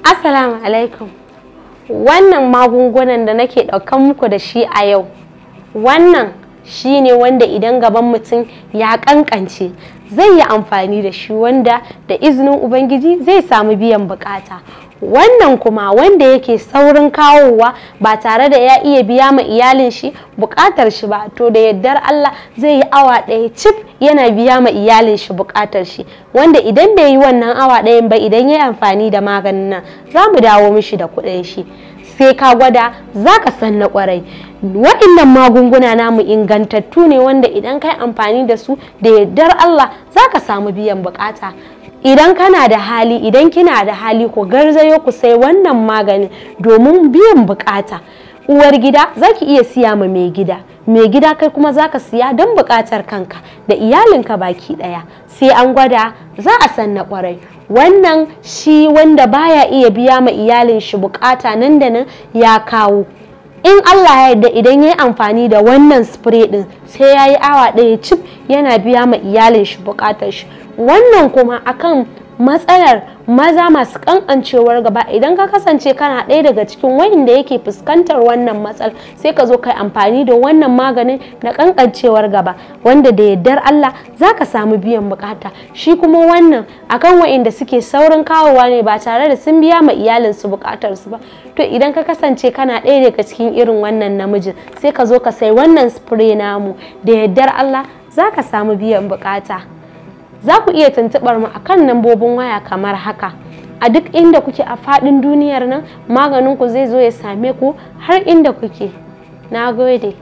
Assalamu alaikum. Wannan magungunan da nake ɗaukan muku da shi a yau. Wannan Shi ne wanda idan gaban mutum ya kankance zai yi amfani da shi wanda da izinin ubangiji zai samu biyan bukata wannan kuma wanda yake saurin kawowa ba tare da ya iya biya ma iyalin shi bukatar shi ba to da yaddar Allah zai yi awa ɗaya cif yana biya ma iyalin shi bukatar shi wanda idan bai yi wannan awa ɗayan ba idan ya yi amfani da maganin nan za mu dawo mishi da kuɗin shi sai ka gwada za ka san na kwarai waɗannan magunguna namu ingantattu ne wanda idan kai amfani da su da yardar Allah za ka samu biyan bukata idan kana da hali idan kina da hali ku garzayo ku sai wannan magani domin biyan bukata uwar gida za ki iya siya ma mai gida mai gida kai kuma za ka siya don bukatar kanka da iyalinka baki daya sai an gwada za a san na kwarai wannan shi wanda baya iya biya ma iyalin shi bukata nan da nan ya kawo in Allah ya yarda idan ya yi amfani da wannan spray din sai ya awa ɗaya cif yana biya ma iyalin shi bukatar shi wannan kuma akan matsalar maza masu kankancewar gaba idan ka kasance kana ɗaya daga cikin da yake fuskantar wannan matsal sai ka zo kai amfani da wannan maganin na kankancewar gaba wanda da yardar Allah za ka samu biyan bukata shi kuma wannan akan wayanda suke saurin kawowa ne ba tare da sun biya ma iyalinsu bukatarsu ba to idan ka kasance kana ɗaya daga cikin irin wannan namijin sai ka zo ka sai wannan spray namu da yardar Allah za ka samu biyan bukata. za ku iya tuntuɓar mu akan nambobin waya kamar haka a duk inda kuke a faɗin duniyar nan maganin ku zai zo ya same ku har inda kuke na gode